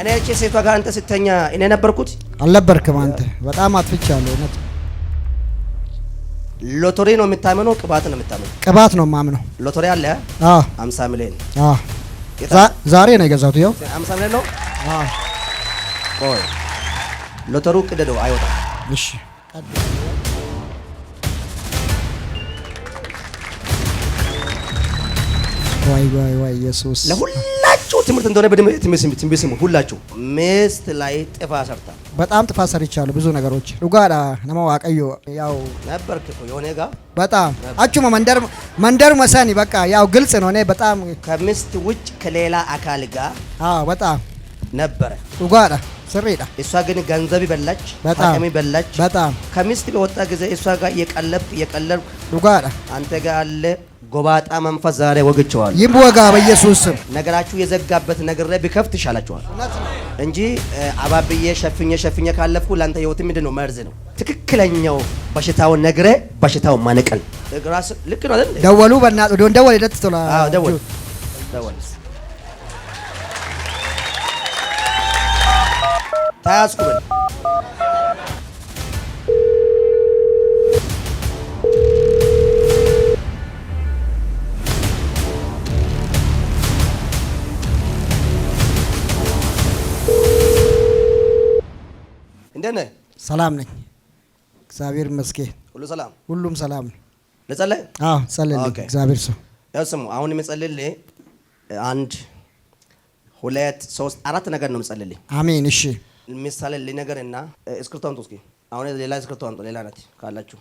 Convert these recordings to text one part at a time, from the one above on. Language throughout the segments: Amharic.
እኔ እቺ ሴቷ ጋር አንተ ስተኛ እኔ ነበርኩት አልነበርክም? አንተ በጣም አጥፍቻለሁ። እውነት ሎተሪ ነው የምታምነው? ቅባት ነው የምታምነው? ቅባት ነው የማምነው። ሎተሪ አለ። አዎ 50 ሚሊዮን። አዎ ዛሬ ነው የገዛሁት። ያው 50 ሚሊዮን ነው። አዎ ቆይ ሎተሩ ቅደደው አይወጣም። እሺ ዋይ ዋይ ዋይ ኢየሱስ ለሁሉ ጥሩ ትምህርት እንደሆነ በደምብ ስሙ ሁላችሁ። ሚስት ላይ ጥፋ ሰርታ በጣም ጥፋ ሰርቻለሁ። ብዙ ነገሮች ዱጋዳ ነማዋቀዮ ያው ነበርክ እኮ የሆነ ጋ በጣም አቹ መንደር መንደር መሰኒ በቃ ያው ግልጽ ነው። እኔ በጣም ከሚስት ውጭ ከሌላ አካል ጋር አዎ በጣም ነበረ ዱጋዳ ስሬዳ እሷ ግን ገንዘብ ይበላች በጣም ይበላች በጣም ከሚስት በወጣ ጊዜ እሷ ጋር የቀለብ የቀለብ ዱጋዳ አንተ ጋር አለ ጎባጣ መንፈስ ዛሬ ወግቸዋል፣ ይወጋ በኢየሱስ ስም። ነገራችሁ የዘጋበት ነገር ላይ ቢከፍት ይሻላችኋል እንጂ አባብዬ ሸፍኜ ሸፍኜ ካለፍኩ ለአንተ ህይወት ምንድን ነው? መርዝ ነው። ትክክለኛው በሽታው ነግረ በሽታው ማነቀል ራስ ልክ ነው አይደል? ደወሉ በእናትህ ዶን ደወል ይደት አዎ ደወል ደወል ታያዝኩ በል እንደነ ሰላም ነኝ። እግዚአብሔር ይመስገን። ሁሉ ሰላም፣ ሁሉም ሰላም ነው። ልጸልይ? አዎ ጸልይ። እግዚአብሔር ሰው ያው ስሙ፣ አሁን የምጸልይልህ አንድ ሁለት ሶስት አራት ነገር ነው የምጸልይልህ። አሜን። እሺ፣ የምጸልይልህ ነገርና እስክሪብቶ አምጡ እስኪ። አሁን ሌላ እስክሪብቶ አምጡ። ሌላ ናት ካላችሁ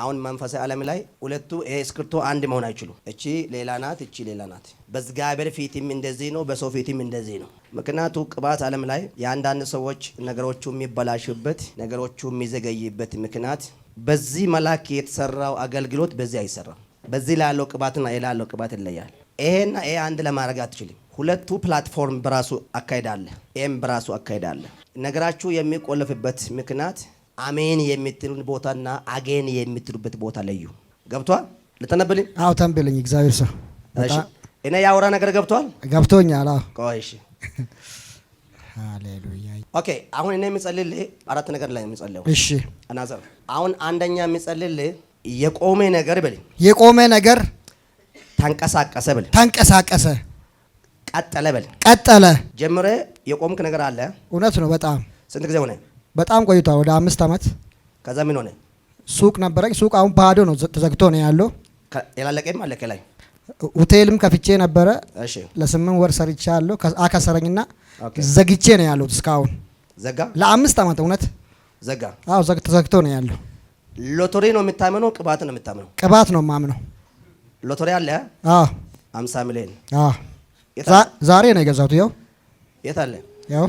አሁን መንፈሳዊ ዓለም ላይ ሁለቱ እስክርቶ አንድ መሆን አይችሉም። እቺ ሌላ ናት፣ እቺ ሌላ ናት። በእግዚአብሔር ፊትም እንደዚህ ነው፣ በሰው ፊትም እንደዚህ ነው። ምክንያቱ ቅባት ዓለም ላይ የአንዳንድ ሰዎች ነገሮቹ የሚበላሽበት ነገሮቹ የሚዘገይበት ምክንያት በዚህ መልአክ የተሰራው አገልግሎት በዚህ አይሰራም። በዚህ ላለው ቅባትና የላለው ቅባት ይለያል። ይሄና ይሄ አንድ ለማድረግ አትችልም። ሁለቱ ፕላትፎርም በራሱ አካሄዳለ፣ ይህም በራሱ አካሄዳለ። ነገራችሁ የሚቆለፍበት ምክንያት አሜን የምትሉን ቦታና አጌን የምትሉበት ቦታ ለዩ። ገብቷል? ልተነብልኝ? አዎ ተንብልኝ። እግዚአብሔር ሰው እኔ ያወራ ነገር ገብቷል? ገብቶኛል። ቆይሽ ሃሌሉያ። ኦኬ አሁን እኔ የሚጸልል አራት ነገር ላይ የሚጸለው። እሺ አናዘር አሁን አንደኛ የሚጸልል የቆመ ነገር በል፣ የቆመ ነገር ተንቀሳቀሰ በል፣ ተንቀሳቀሰ ቀጠለ በል፣ ቀጠለ። ጀምሬ የቆምክ ነገር አለ። እውነት ነው። በጣም ስንት ጊዜ ሆነ? በጣም ቆይቷ ወደ አምስት ዓመት። ከዛ ምን ሆነ? ሱቅ ነበረኝ። ሱቅ አሁን ባዶ ነው፣ ተዘግቶ ነው ያለው። የላለቀም አለቀ ላይ ሆቴልም ከፍቼ ነበረ። ለስምንት ወር ሰርቻ አለሁ። አከሰረኝና ዘግቼ ነው ያለው እስካሁን ዘጋ። ለአምስት ዓመት እውነት ዘጋ። አዎ ተዘግቶ ነው ያለው። ሎተሪ ነው የምታመነው? ቅባት ነው የምታመነው? ቅባት ነው የማምነው። ሎተሪ አለ። አዎ 50 ሚሊዮን። አዎ ዛሬ ነው የገዛሁት። ያው የት አለ? ያው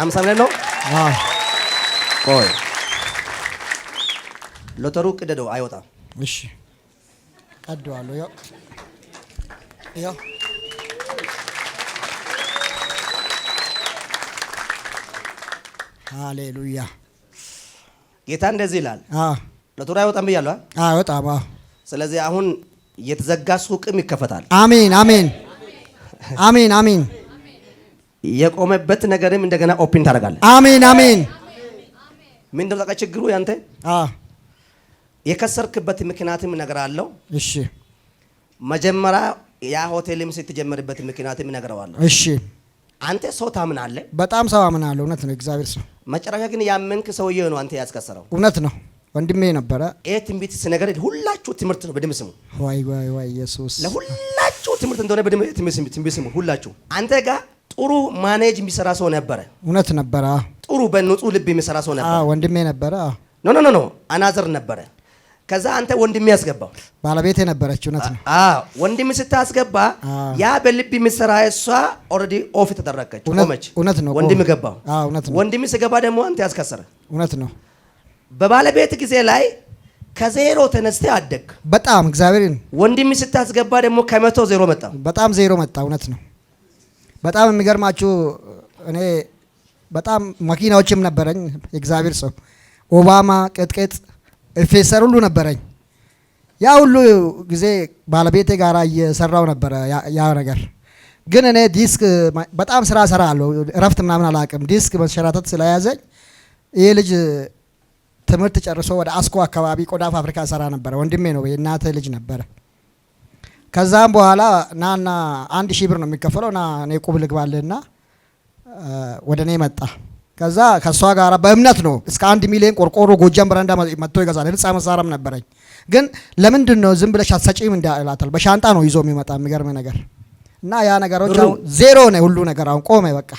50 ሚሊዮን ነው ቆይ ሎተሩ ቅደደው አይወጣም። እሺ ቀደዋለሁ። ያው ያው ሃሌሉያ ጌታ እንደዚህ ይላል። ሎተሩ አይወጣም ብያለሁ። አይወጣም። ስለዚህ አሁን የተዘጋ ሱቅም ይከፈታል። አሜን፣ አሜን፣ አሜን፣ አሜን። የቆመበት ነገርም እንደገና ኦፕን ታደርጋለህ። አሜን አሜን። ምን ደብጣቃ ችግሩ ያንተ የከሰርክበት ምክንያትም ነገር አለው። እሺ መጀመሪያ ያ ሆቴልም ስትጀመርበት ምክንያትም እነግረዋለሁ። እሺ አንተ ሰው ታምናለህ። በጣም ሰው አምናለሁ። እውነት ነው፣ እግዚአብሔር ሰው። መጨረሻ ግን ያመንክ ሰውዬው ነው አንተ ያስከሰረው። እውነት ነው ወንድሜ ነበረ። ይህ ትንቢት ስነገር ሁላችሁ ትምህርት ነው። በድምፅ ስሙ። ዋይ ዋይ ዋይ ኢየሱስ! ለሁላችሁ ትምህርት እንደሆነ በድምፅ ስሙ። ሁላችሁ አንተ ጋር ጥሩ ማኔጅ የሚሰራ ሰው ነበረ። እውነት ነበረ። ጥሩ በንጹህ ልብ የሚሰራ ሰው ነበረ። ወንድሜ ነበረ። ኖ ኖ ኖ አናዘር ነበረ። ከዛ አንተ ወንድሜ ያስገባው ባለቤት የነበረች እውነት ነው። ወንድም ስታስገባ ያ በልብ የሚሰራ እሷ ኦልሬዲ ኦፍ ተደረገች፣ ቆመች። እውነት ነው። ወንድም ገባው። እውነት ነው። ወንድም ስገባ ደግሞ አንተ ያስከሰረ እውነት ነው። በባለቤት ጊዜ ላይ ከዜሮ ተነስተ አደግ በጣም እግዚአብሔርን። ወንድም ስታስገባ ደግሞ ከመቶ ዜሮ መጣ፣ በጣም ዜሮ መጣ። እውነት ነው። በጣም የሚገርማችሁ እኔ በጣም መኪናዎችም ነበረኝ። የእግዚአብሔር ሰው ኦባማ፣ ቅጥቅጥ፣ ኤፌሰር ሁሉ ነበረኝ። ያ ሁሉ ጊዜ ባለቤቴ ጋር እየሰራው ነበረ። ያ ነገር ግን እኔ ዲስክ በጣም ስራ ሰራ አለሁ እረፍት ምናምን አላቅም ዲስክ መሸራተት ስለያዘኝ ይህ ልጅ ትምህርት ጨርሶ ወደ አስኮ አካባቢ ቆዳ ፋብሪካ ሰራ ነበረ። ወንድሜ ነው፣ የእናተ ልጅ ነበረ። ከዛም በኋላ ናና አንድ ሺህ ብር ነው የሚከፈለው ና እኔ ቁብ ልግባልህና ወደ እኔ መጣ። ከዛ ከእሷ ጋር በእምነት ነው እስከ አንድ ሚሊዮን ቆርቆሮ ጎጃም በረንዳ መጥቶ ይገዛል። ህንፃ መሳሪያም ነበረኝ። ግን ለምንድን ነው ዝም ብለሽ አትሰጪም እንዳላታል። በሻንጣ ነው ይዞ የሚመጣ የሚገርም ነገር እና ያ ነገሮች አሁን ዜሮ ነው ሁሉ ነገር አሁን ቆመ። በቃ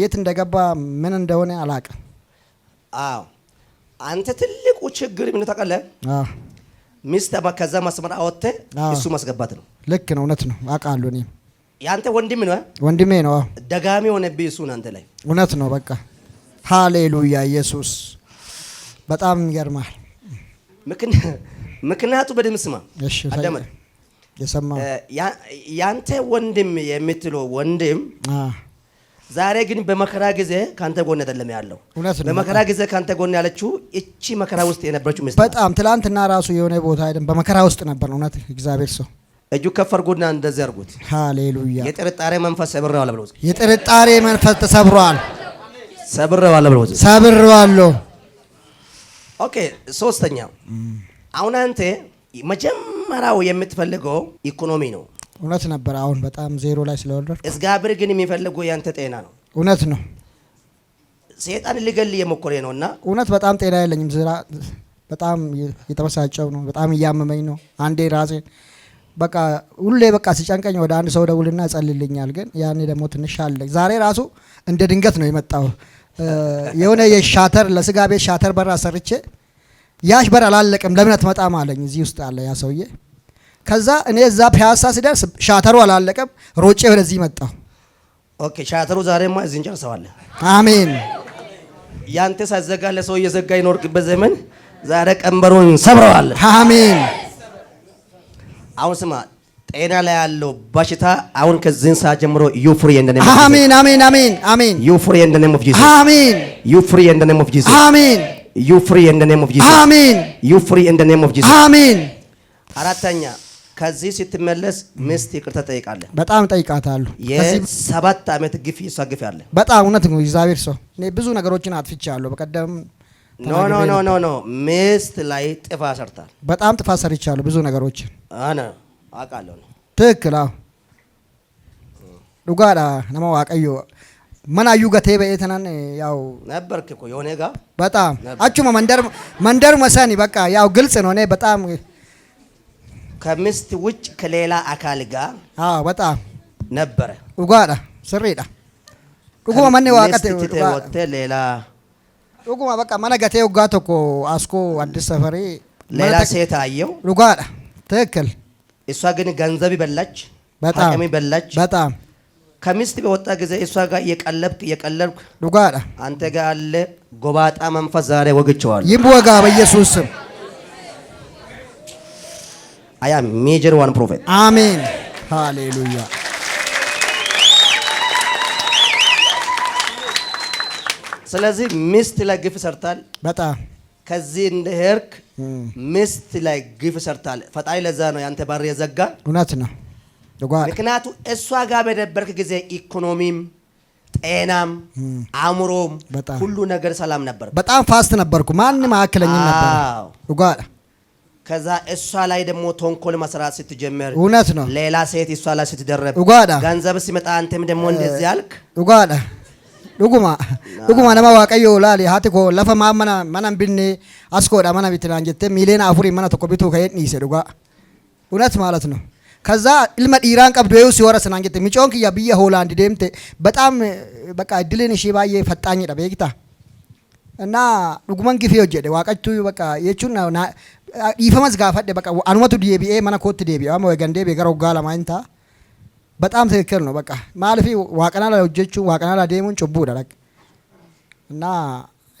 የት እንደገባ ምን እንደሆነ አላውቅም። አዎ አንተ ትልቁ ችግር ምን ታውቃለህ? ሚስት ከዛ መስመር አወጥተ እሱ ማስገባት ነው። ልክ ነው። እውነት ነው። አውቃለሁ። እኔም ያንተ ወንድም ነው ወንድሜ ነው። ደጋሚ ሆነብህ እሱ አንተ ላይ። እውነት ነው። በቃ ሃሌሉያ ኢየሱስ። በጣም ይገርማል። ምክንያቱ በደምብ ስማ፣ አዳመጥ። የሰማ ያንተ ወንድም የምትለው ወንድም ዛሬ ግን በመከራ ጊዜ ካንተ ጎን አይደለም ያለው። በመከራ ጊዜ ካንተ ጎን ያለችው እቺ መከራ ውስጥ የነበረችው ሚስት በጣም ትላንትና ራሱ የሆነ ቦታ አይደለም፣ በመከራ ውስጥ ነበር። እውነት እግዚአብሔር ሰው እጁ ከፈር ጎና እንደዚህ አርጉት። ሃሌሉያ! የጥርጣሬ መንፈስ ሰብረዋል ብለው የጥርጣሬ መንፈስ ተሰብረዋል፣ ሰብረዋል ብለው ሰብረዋል። ኦኬ፣ ሶስተኛ አሁን አንተ መጀመሪያው የምትፈልገው ኢኮኖሚ ነው። እውነት ነበር። አሁን በጣም ዜሮ ላይ ስለወረድ እግዚአብሔር ግን የሚፈልገው ያንተ ጤና ነው። እውነት ነው። ሴጣን ሊገል የሞከረ ነው እና እውነት በጣም ጤና የለኝም። ዝራ በጣም የተበሳጨው ነው። በጣም እያመመኝ ነው። አንዴ ራሴ በቃ ሁሌ በቃ ሲጨንቀኝ ወደ አንድ ሰው ደውልና ይጸልልኛል። ግን ያኔ ደግሞ ትንሽ አለ። ዛሬ ራሱ እንደ ድንገት ነው የመጣው። የሆነ የሻተር ለስጋ ቤት ሻተር በር አሰርቼ ያሽ በር አላለቅም ለምን አትመጣም አለኝ። እዚህ ውስጥ አለ ያ ሰውዬ ከዛ እኔ እዛ ፒያሳ ስደርስ ሻተሩ አላለቀም፣ ሮጬ ወደዚህ መጣሁ። ኦኬ ሻተሩ ዛሬማ እዚህ እንጨርሰዋለን። አሜን። ያንተ ሳዘጋ ለሰው እየዘጋ ይኖርቅበት ዘመን ዛሬ ቀንበሩን ሰብረዋለን። አሜን። አሁን ስማ ጤና ላይ ያለው በሽታ አሁን ከዚህን ሰዓት ጀምሮ ዩፍሪ እንደነ አሜን፣ አሜን፣ አሜን፣ አሜን። ዩፍሪ እንደነ ሙፍጂስ አሜን። ዩፍሪ እንደነ ሙፍጂስ አሜን። ዩፍሪ እንደነ ሙፍጂስ አሜን። ዩፍሪ እንደነ ሙፍጂስ አሜን። አራተኛ ከዚህ ስትመለስ ሚስት ይቅርታ ጠይቃለ። በጣም ጠይቃታሉ። የሰባት ዓመት ግፍ ይሷ ያለ በጣም እውነት ነው። እግዚአብሔር ሰው እኔ ብዙ ነገሮችን አጥፍቻለሁ። በቀደም ኖ ኖ ኖ ኖ ኖ ሚስት ላይ ጥፋ ሰርታል። በጣም ጥፋ ሰርቻለሁ። ብዙ ነገሮችን አና አውቃለሁ። ትክክል። አዎ ዱጋዳ ነማ ዋቀዮ መናዩ ገቴ በየተናን ያው ነበርክ እኮ የሆነ ጋ በጣም አቹ መንደር መንደር መሰኒ በቃ ያው ግልጽ ነው። እኔ በጣም ከሚስት ውጭ ከሌላ አካል ጋር በጣም ነበረ። ዱጓዳ ስሪዳ ዱጉማ መኔ ዋቀቴ ሌላ ዱጉማ በቃ መነ ገቴ ውጋ ቶኮ አስኮ አዲስ ሰፈሪ ሌላ ሴት አየው። ዱጓዳ ትክክል። እሷ ግን ገንዘብ በላች፣ በጣም በላች። በጣም ከሚስት በወጣ ጊዜ እሷ ጋር እየቀለብክ እየቀለብክ ዱጓዳ አንተ ጋር አለ ጎባጣ መንፈስ ዛሬ ወግቸዋል። ይብወጋ በኢየሱስ ስም አይ አም ሜጀር ዋን ፕሮፌት አሜን። ሃሌሉያ። ስለዚህ ሚስት ላይ ግፍ ሰርታል። በጣም ከዚህ እንደሄድክ ሚስት ላይ ግፍ ሰርታል። ፈጣሪ ለዛ ነው ያንተ በር የዘጋ። እውነት ነው። ምክንያቱ እሷ ጋር በነበርክ ጊዜ ኢኮኖሚም፣ ጤናም፣ አእምሮም ሁሉ ነገር ሰላም ነበር። በጣም ፋስት ነበርኩ። ማንም አያክለኝም ነበር ከዛ እሷ ላይ ደግሞ ተንኮል መስራት ስትጀምር እውነት ነው። ሌላ ሴት እሷ ላይ ስትደረብ ጓዳ ገንዘብ ሲመጣ አንተም ደግሞ እንደዚህ ያልክ ጓዳ ዱጉማ ዱጉማ ነማ ዋቀዮ ላል ሀቲ ለፈ ማመና መናን ብኔ አስኮዳ መና ቢትናን ጀቴ ሚሊዮን አፉሪ መና ተኮ ቢቱ ከየት ኒሰ ዱጋ እውነት ማለት ነው። ከዛ ኢልመ ዲራን ቀብዶ ይው ሲወረስ ናን ጀቴ ሚጮን ክያ ብየ ሆላንድ ደምቴ በጣም በቃ እድልን እሺ ፈጣኝ ዳ በይግታ እና ዱጉማን በቃ የቹና dhiifamas uh, gaafadhe baqa anumatu deebi'ee mana kootti deebi'a amma eegan deebi'ee gara gala mainta በጣም ትክክል ነው። በቃ ማለፊ ዋቀናላ ሆጀቹ ዋቀናላ ዴሙን ጭቡ ደረቅ እና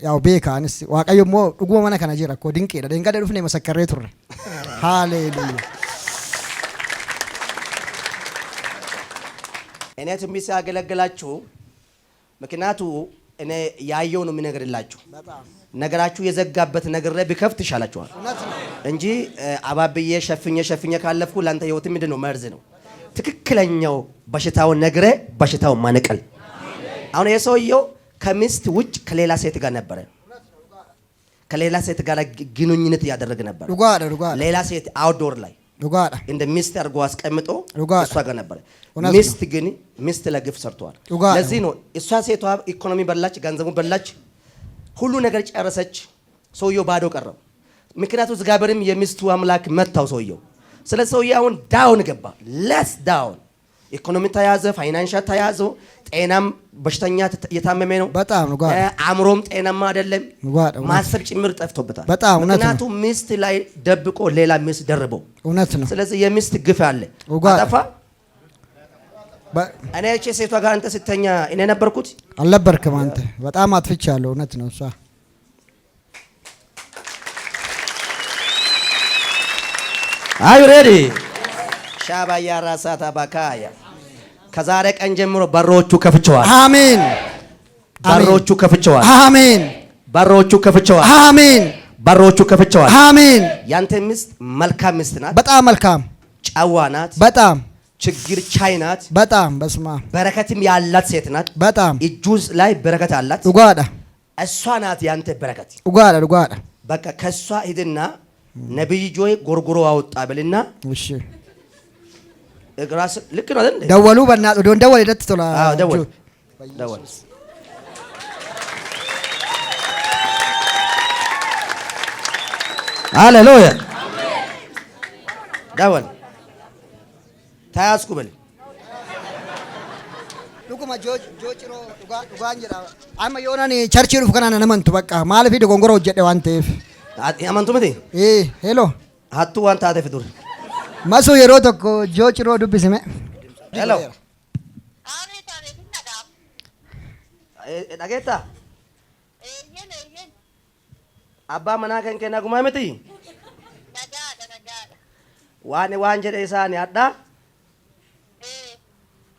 ያው ቤካንስ ዋቀዮ ሞ ዱጉ መነ ከነ ጅራ ኮ ድንቅ ደ ድንጋ ደዱፍ ነው መሰከረ ቱረ ሃሌሉያ እኔ ትንቢት ሲያገለግላችሁ ምክንያቱ እኔ ያየው ነው የሚነግርላችሁ። ነገራችሁ የዘጋበት ነገር ላይ ቢከፍት ይሻላችኋል እንጂ አባብዬ ሸፍኜ ሸፍኜ ካለፍኩ ለአንተ ህይወት ምንድን ነው? መርዝ ነው። ትክክለኛው በሽታውን ነግረ በሽታው ማነቀል። አሁን የሰውየው ከሚስት ውጭ ከሌላ ሴት ጋር ነበረ። ከሌላ ሴት ጋር ግንኙነት እያደረገ ነበር። ሌላ ሴት አውትዶር ላይ እንደ ሚስት አድርጎ አስቀምጦ እሷ ጋር ነበር። ሚስት ግን ሚስት ለግፍ ሰርተዋል። ለዚህ ነው እሷ ሴቷ ኢኮኖሚ በላች፣ ገንዘቡ በላች፣ ሁሉ ነገር ጨረሰች። ሰውየው ባዶ ቀረው። ምክንያቱ እግዚአብሔርም የሚስቱ አምላክ መታው ሰውየው። ስለ ሰውየው አሁን ዳውን ገባ ለስ ዳውን ኢኮኖሚ ተያዘ፣ ፋይናንሻል ተያዘ፣ ጤናም በሽተኛ እየታመመ ነው። በጣም አእምሮም ጤናማ አይደለም። ማሰብ ጭምር ጠፍቶበታል። ምክንያቱም ሚስት ላይ ደብቆ ሌላ ሚስት ደርበው እውነት ነው። ስለዚህ የሚስት ግፍ አለ አጠፋ እኔ እቺ ሴቷ ጋር አንተ ስተኛ እኔ ነበርኩት አልነበርክም? አንተ በጣም አጥፍቻለሁ። እውነት ነው። እሷ አይ ሬዲ ሻባያ ራሳታ ባካያ ከዛሬ ቀን ጀምሮ በሮቹ ከፍቸዋል። አሜን። በሮቹ ከፍቸዋል። አሜን። በሮቹ ከፍቸዋል። አሜን። በሮቹ ከፍቸዋል። አሜን። ያንተ ሚስት መልካም ሚስት ናት። በጣም መልካም ጨዋ ናት። በጣም ችግር ቻይ ናት። በጣም በስማ በረከትም ያላት ሴት ናት። በጣም እጁስ ላይ በረከት አላት። ጓዳ እሷ ናት ያንተ በረከት። ጓዳ ጓዳ በቃ ከእሷ ሂድና ነብይ ጆይ ጎርጎሮ አወጣ ብልና እሺ እግራስ ልክ ነው አይደል? ደወሉ በእናትህ ዶን ደወል ይደት ቶላ አዎ ደወል ደወል ሃሌሉያ ደወል ታያስኩ በል ቸርች በቃ ማለፊ ሄሎ ሀቱ ዋንታ ተፈዱር Maso yeroo tokko Jooc Rodu bisme. Hello. Dhageetta. Eh, Abbaa mana kan kenna gumaa miti. Waan waan jedhe ada.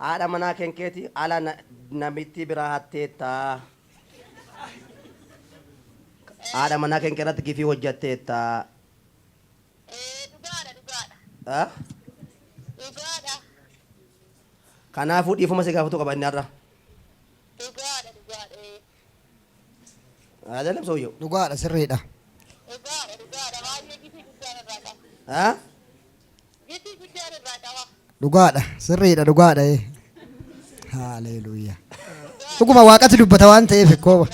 Ada mana mana kan ti ala namitti biraa ta. mana mana kan keerratti ta. Eh. Kanaafuu dhiifuma si gaafatu qaba inni har'a. Ajaa'ibsa Dhugaadha sirriidha. Dhugaadha dhugaadha Dhugaadha sirriidha dhugaadha ee. Haaleluyyaa. Dhuguma waaqatti dubbata waan ta'eef kooba.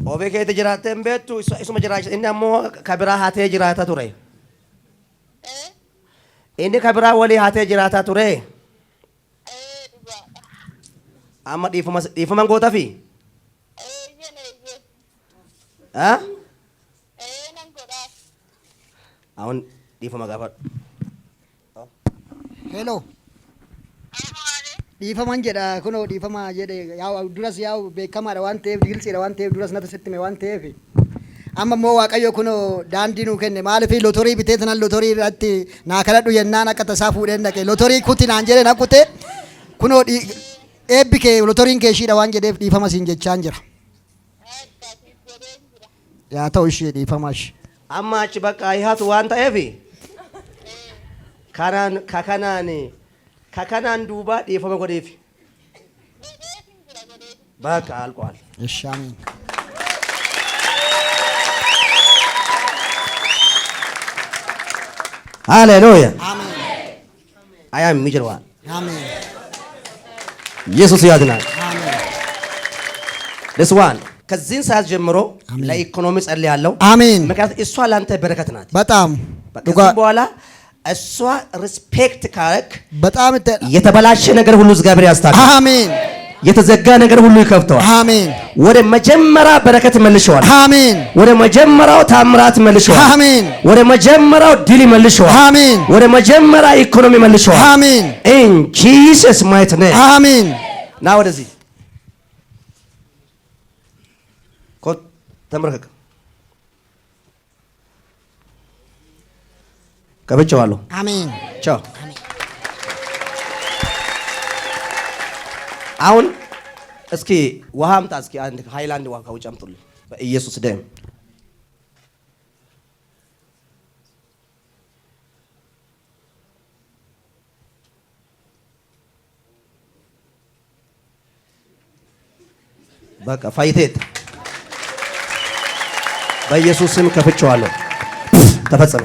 Obee keetti jiraatteen beektu isuma jiraachisa. Inni ammoo kabiraa hatee jiraata ture. Inni kabiraa walii hatee jiraata ture. Amma dhiifaman goota fi. Awan dhiifama gaafadhu. Hello. dhiifaman jedha kunoo dhiifama jedhe yaa'u duras yaa'u beekamaadha waan ta'eef gilxiidha waan ta'eef duras natti sitti waan ta'eef amma immoo waaqayyo kunoo daandii nuu kenne maaliif lotorii bitee tanan lotorii irratti naa kadhadhu yennaan akka tasaa fuudheen dhaqe lotorii kutti naan jedhe na kutee kunoo eebbi kee lotoriin keeshiidha waan jedheef dhiifama siin jechaan jira. yaa ta'u ishee dhiifama ishee. amma achi bakka haihatu waan ta'eef kanaan kakanaan. ka kanaan duubaa dhiifama በቃ አልቋል። እሺ አሜን። ሃሌሉያ አያም ይችለዋል። ኢየሱስ ያድናል። ደስዋን ከዚህን ሰዓት ጀምሮ ለኢኮኖሚ ጸልያለሁ። አሜን። ምክንያቱም እሷ ለአንተ በረከት ናት። በጣም በኋላ እሷ ሪስፔክት ካረክ በጣም የተበላሸ ነገር ሁሉ እግዚአብሔር ያስታርቃል። አሜን። የተዘጋ ነገር ሁሉ ይከፍተዋል። አሜን። ወደ መጀመሪያ በረከት መልሸዋል። አሜን። ወደ መጀመሪያው ታምራት መልሸዋል። አሜን። ወደ መጀመሪያው ድል መልሸዋል። አሜን። ወደ መጀመሪያ ኢኮኖሚ መልሸዋል። አሜን። ኢን ጂሰስ ማይት ነ አሜን። ና ወደዚህ ተምረክ ገብቼዋለሁ። አሜን። ቻው። አሁን እስኪ ውሃ አምጣ። እስኪ አንድ ሃይላንድ ውሃ ካውጭ አምጡልኝ በኢየሱስ ደም። በቃ ፋይቴት በኢየሱስ ስም ከፍቼዋለሁ። ተፈጸመ።